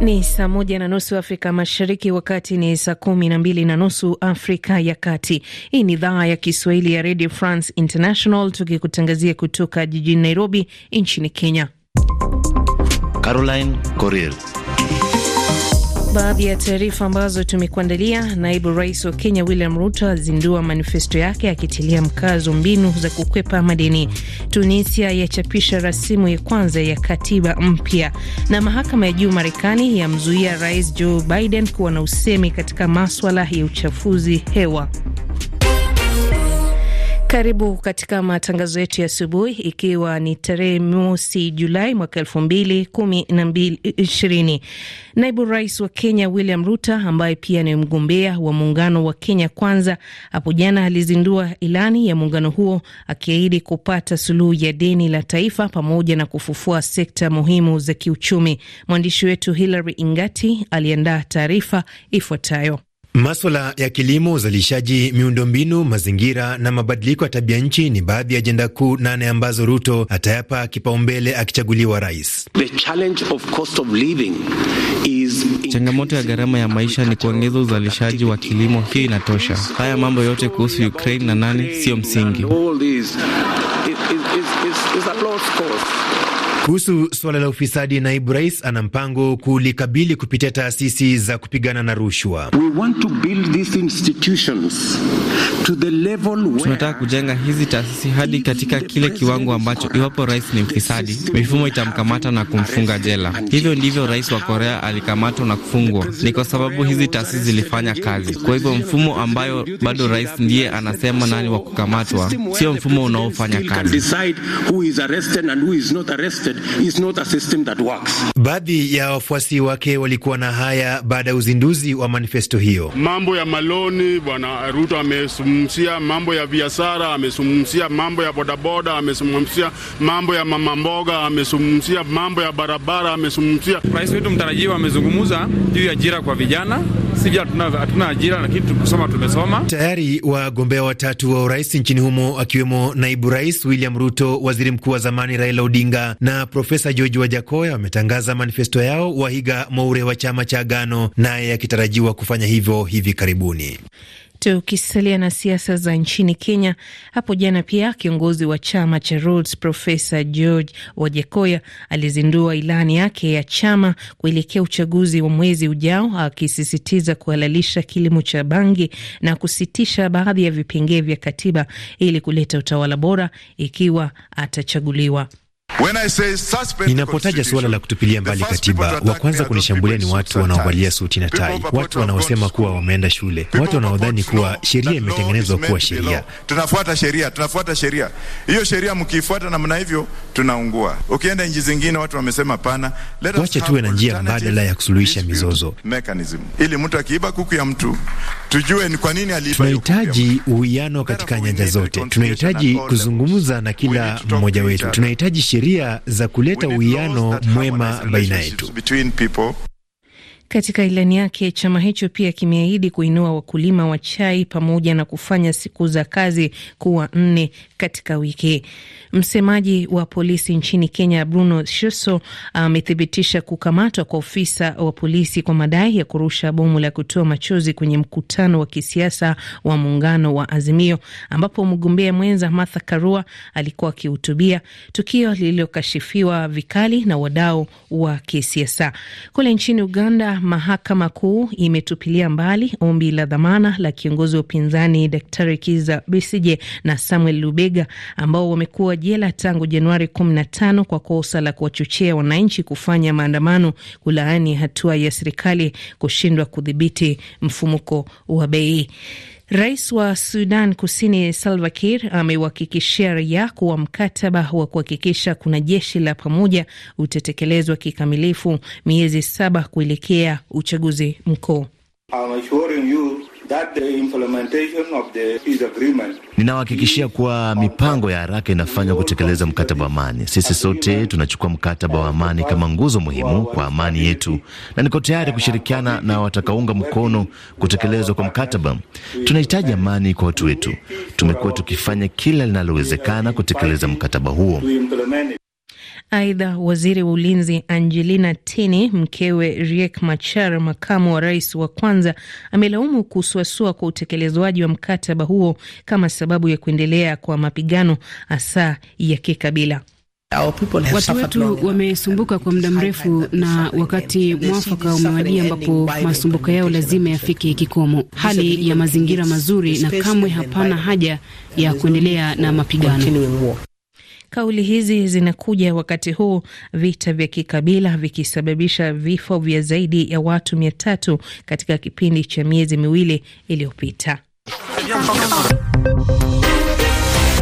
Ni saa moja na nusu Afrika Mashariki, wakati ni saa kumi na mbili na nusu Afrika ya Kati. Hii ni idhaa ya Kiswahili ya Radio France International, tukikutangazia kutoka jijini Nairobi nchini Kenya. Caroline Coril Baadhi ya taarifa ambazo tumekuandalia: naibu rais wa Kenya William Ruto azindua manifesto yake akitilia mkazo mbinu za kukwepa madeni. Tunisia yachapisha rasimu ya kwanza ya katiba mpya, na mahakama ya juu Marekani yamzuia rais Joe Biden kuwa na usemi katika maswala ya uchafuzi hewa. Karibu katika matangazo yetu ya asubuhi, ikiwa ni tarehe mosi Julai mwaka elfu mbili kumi na ishirini. Naibu rais wa Kenya William Ruto, ambaye pia ni mgombea wa muungano wa Kenya Kwanza, hapo jana alizindua ilani ya muungano huo, akiahidi kupata suluhu ya deni la taifa pamoja na kufufua sekta muhimu za kiuchumi. Mwandishi wetu Hilary Ingati aliandaa taarifa ifuatayo. Maswala ya kilimo, uzalishaji, miundombinu, mazingira na mabadiliko ya tabia nchi ni baadhi ya ajenda kuu nane ambazo Ruto atayapa kipaumbele akichaguliwa rais. Changamoto ya gharama ya maisha ni kuongeza uzalishaji wa kilimo, hiyo inatosha. Haya mambo yote kuhusu Ukraine na nane siyo msingi. Kuhusu suala la ufisadi, naibu rais ana mpango kulikabili kupitia taasisi za kupigana na rushwa. Tunataka kujenga hizi taasisi hadi katika kile kiwango ambacho iwapo rais ni mfisadi, mifumo itamkamata na kumfunga jela. Hivyo ndivyo rais wa Korea alikamatwa na kufungwa, ni kwa sababu hizi taasisi zilifanya kazi. Kwa hivyo mfumo ambayo bado rais ndiye anasema nani wa kukamatwa, sio mfumo unaofanya kazi not a system that works. Baadhi ya wafuasi wake walikuwa na haya baada ya uzinduzi wa manifesto hiyo. Mambo ya maloni, bwana Ruto amesumumsia mambo ya biashara, amesumumsia mambo ya bodaboda, amesumumsia mambo ya mama mboga, amesumumsia mambo ya barabara, amesumumsia. Rais wetu mtarajiwa amezungumza juu ya ajira kwa vijana sisi vijana hatuna ajira, lakini tukusoma tumesoma. Tayari wagombea watatu wa urais nchini humo akiwemo naibu rais William Ruto, waziri mkuu wa zamani Raila Odinga na Profesa George Wajakoya wametangaza manifesto yao, Wahiga Moure wa chama cha Agano naye akitarajiwa kufanya hivyo hivi karibuni. Tukisalia na siasa za nchini Kenya, hapo jana pia kiongozi wa chama cha Rhodes Profesa George wajekoya alizindua ilani yake ya chama kuelekea uchaguzi wa mwezi ujao, akisisitiza kuhalalisha kilimo cha bangi na kusitisha baadhi ya vipengee vya katiba ili kuleta utawala bora ikiwa atachaguliwa. Ninapotaja suala la kutupilia mbali katiba, wa kwanza kunishambulia ni watu wanaovalia suti na tai, watu wanaosema kuwa wameenda shule, watu wanaodhani kuwa sheria imetengenezwa kuwa sheria. Tunafuata sheria, tunafuata sheria. Hiyo sheria mkiifuata namna hivyo, tunaungua. Ukienda nchi zingine, watu wamesema pana. wache tuwe na njia mbadala ya kusuluhisha mizozo, ili mtu akiiba kuku ya mtu tujue ni kwa nini Tunahitaji uwiano katika nyanja zote, tunahitaji kuzungumza na kila mmoja wetu, tunahitaji sheria za kuleta uwiano mwema baina yetu. Katika ilani yake, chama hicho pia kimeahidi kuinua wakulima wa chai pamoja na kufanya siku za kazi kuwa nne katika wiki. Msemaji wa polisi nchini Kenya Bruno Shuso amethibitisha kukamatwa kwa ofisa wa polisi kwa madai ya kurusha bomu la kutoa machozi kwenye mkutano wa kisiasa wa muungano wa Azimio ambapo mgombea mwenza Martha Karua alikuwa akihutubia, tukio lililokashifiwa vikali na wadau wa kisiasa. Kule nchini Uganda mahakama kuu imetupilia mbali ombi la dhamana la kiongozi wa upinzani Daktari Kiza Besije na Samuel Lubega ambao wamekuwa jela tangu Januari 15 kwa kosa la kuwachochea wananchi kufanya maandamano kulaani hatua ya serikali kushindwa kudhibiti mfumuko wa bei. Rais wa Sudan Kusini Salva Kiir amewahakikishia raia kuwa mkataba wa kuhakikisha kuna jeshi la pamoja utatekelezwa kikamilifu miezi saba kuelekea uchaguzi mkuu. Ninawahakikishia kuwa mipango ya haraka inafanywa kutekeleza mkataba wa amani. Sisi sote tunachukua mkataba wa amani kama nguzo muhimu kwa amani yetu, na niko tayari kushirikiana na watakaunga mkono kutekelezwa kwa mkataba. Tunahitaji amani kwa watu wetu. Tumekuwa tukifanya kila linalowezekana kutekeleza mkataba huo. Aidha, waziri wa ulinzi Angelina Tini, mkewe Riek Machar, makamu wa rais wa kwanza, amelaumu kusuasua kwa utekelezwaji wa mkataba huo kama sababu ya kuendelea kwa mapigano hasa ya kikabila. Watu wetu wamesumbuka kwa muda mrefu na wakati mwafaka umewadia ambapo masumbuko yao lazima yafike kikomo. Hali ya mazingira mazuri na kamwe hapana haja ya kuendelea na mapigano. Kauli hizi zinakuja wakati huu vita vya kikabila vikisababisha vifo vya zaidi ya watu mia tatu katika kipindi cha miezi miwili iliyopita.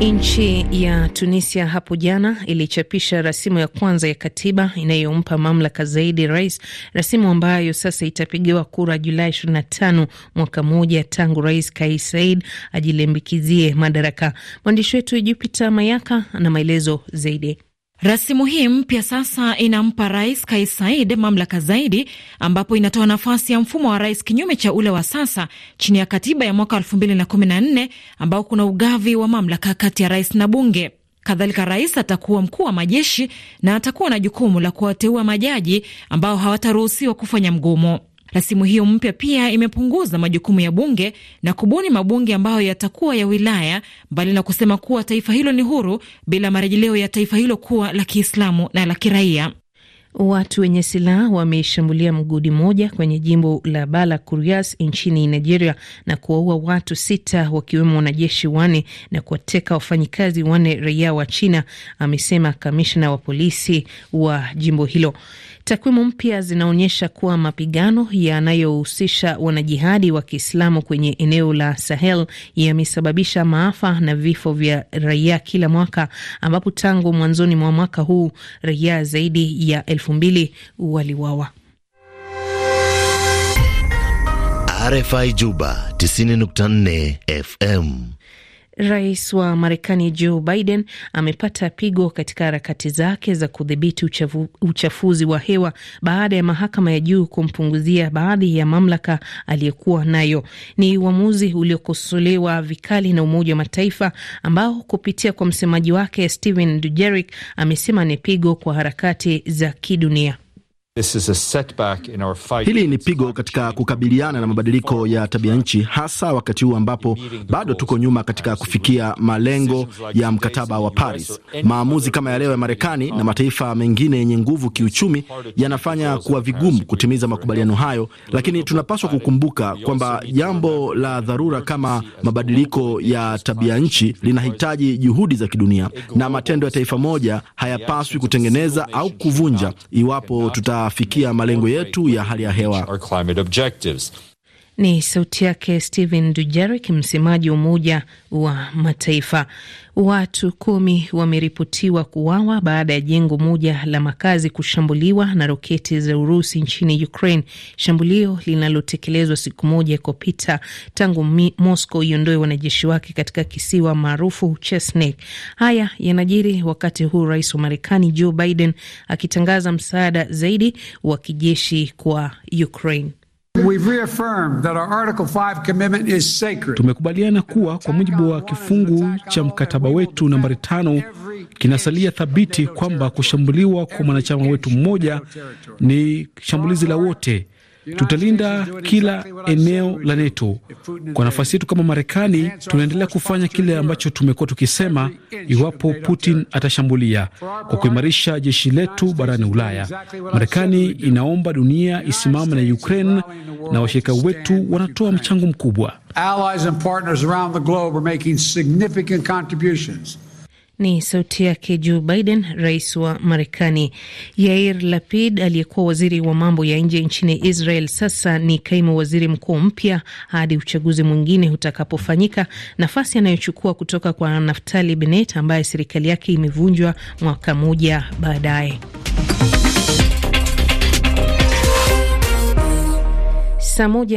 Nchi ya Tunisia hapo jana ilichapisha rasimu ya kwanza ya katiba inayompa mamlaka zaidi rais, rasimu ambayo sasa itapigiwa kura Julai 25, mwaka mmoja tangu Rais Kais Saied ajilimbikizie madaraka. Mwandishi wetu Jupiter Mayaka ana maelezo zaidi. Rasimu hii mpya sasa inampa rais Kais Saied mamlaka zaidi, ambapo inatoa nafasi ya mfumo wa rais kinyume cha ule wa sasa chini ya katiba ya mwaka 2014 ambao kuna ugavi wa mamlaka kati ya rais na bunge. Kadhalika, rais atakuwa mkuu wa majeshi na atakuwa na jukumu la kuwateua majaji ambao hawataruhusiwa kufanya mgomo. Rasimu hiyo mpya pia imepunguza majukumu ya bunge na kubuni mabunge ambayo yatakuwa ya wilaya, mbali na kusema kuwa taifa hilo ni huru bila marejeleo ya taifa hilo kuwa la Kiislamu na la kiraia. Watu wenye silaha wameshambulia mgodi moja kwenye jimbo la Kurias nchini Nigeria na kuwaua watu sita wakiwemo wanajeshi wane na kuwateka wafanyikazi wane raia wa China, amesema kamishna wa polisi wa jimbo hilo. Takwimu mpya zinaonyesha kuwa mapigano yanayohusisha wanajihadi wa Kiislamu kwenye eneo la Sahel yamesababisha maafa na vifo vya raia kila mwaka, ambapo tangu mwanzoni mwa mwaka huu raia zaidi ya elfu mbili waliuawa. RFI Juba 90.4 FM. Rais wa Marekani Joe Biden amepata pigo katika harakati zake za kudhibiti uchafu, uchafuzi wa hewa baada ya mahakama ya juu kumpunguzia baadhi ya mamlaka aliyekuwa nayo. Ni uamuzi uliokosolewa vikali na Umoja wa Mataifa ambao kupitia kwa msemaji wake stehen Dujarric amesema ni pigo kwa harakati za kidunia. This is a setback in our fight. Hili ni pigo katika kukabiliana na mabadiliko ya tabia nchi, hasa wakati huu ambapo bado tuko nyuma katika kufikia malengo ya mkataba wa Paris. Maamuzi kama ya leo ya Marekani na mataifa mengine yenye nguvu kiuchumi yanafanya kuwa vigumu kutimiza makubaliano hayo, lakini tunapaswa kukumbuka kwamba jambo la dharura kama mabadiliko ya tabia nchi linahitaji juhudi za kidunia, na matendo ya taifa moja hayapaswi kutengeneza au kuvunja iwapo tuta tutafikia malengo yetu ya hali ya hewa. Ni sauti yake Stephen Dujarric, msemaji wa Umoja wa Mataifa. Watu kumi wameripotiwa kuuawa baada ya jengo moja la makazi kushambuliwa na roketi za Urusi nchini Ukraine, shambulio linalotekelezwa siku moja kopita tangu Moscow iondoe wanajeshi wake katika kisiwa maarufu Chesnek. Haya yanajiri wakati huu rais wa Marekani Joe Biden akitangaza msaada zaidi wa kijeshi kwa Ukraine. Tumekubaliana kuwa kwa mujibu wa kifungu cha mkataba wetu nambari tano kinasalia thabiti kwamba kushambuliwa kwa mwanachama wetu mmoja ni shambulizi la wote Tutalinda kila eneo la NATO. Kwa nafasi yetu kama Marekani, tunaendelea kufanya kile ambacho tumekuwa tukisema, iwapo Putin atashambulia, kwa kuimarisha jeshi letu barani Ulaya. Marekani inaomba dunia isimame na Ukraine, na washirika wetu wanatoa mchango mkubwa. Ni sauti yake Joe Biden, rais wa Marekani. Yair Lapid aliyekuwa waziri wa mambo ya nje nchini Israel sasa ni kaimu waziri mkuu mpya hadi uchaguzi mwingine utakapofanyika, nafasi anayochukua kutoka kwa Naftali Bennett ambaye serikali yake imevunjwa mwaka mmoja baadaye. Saa moja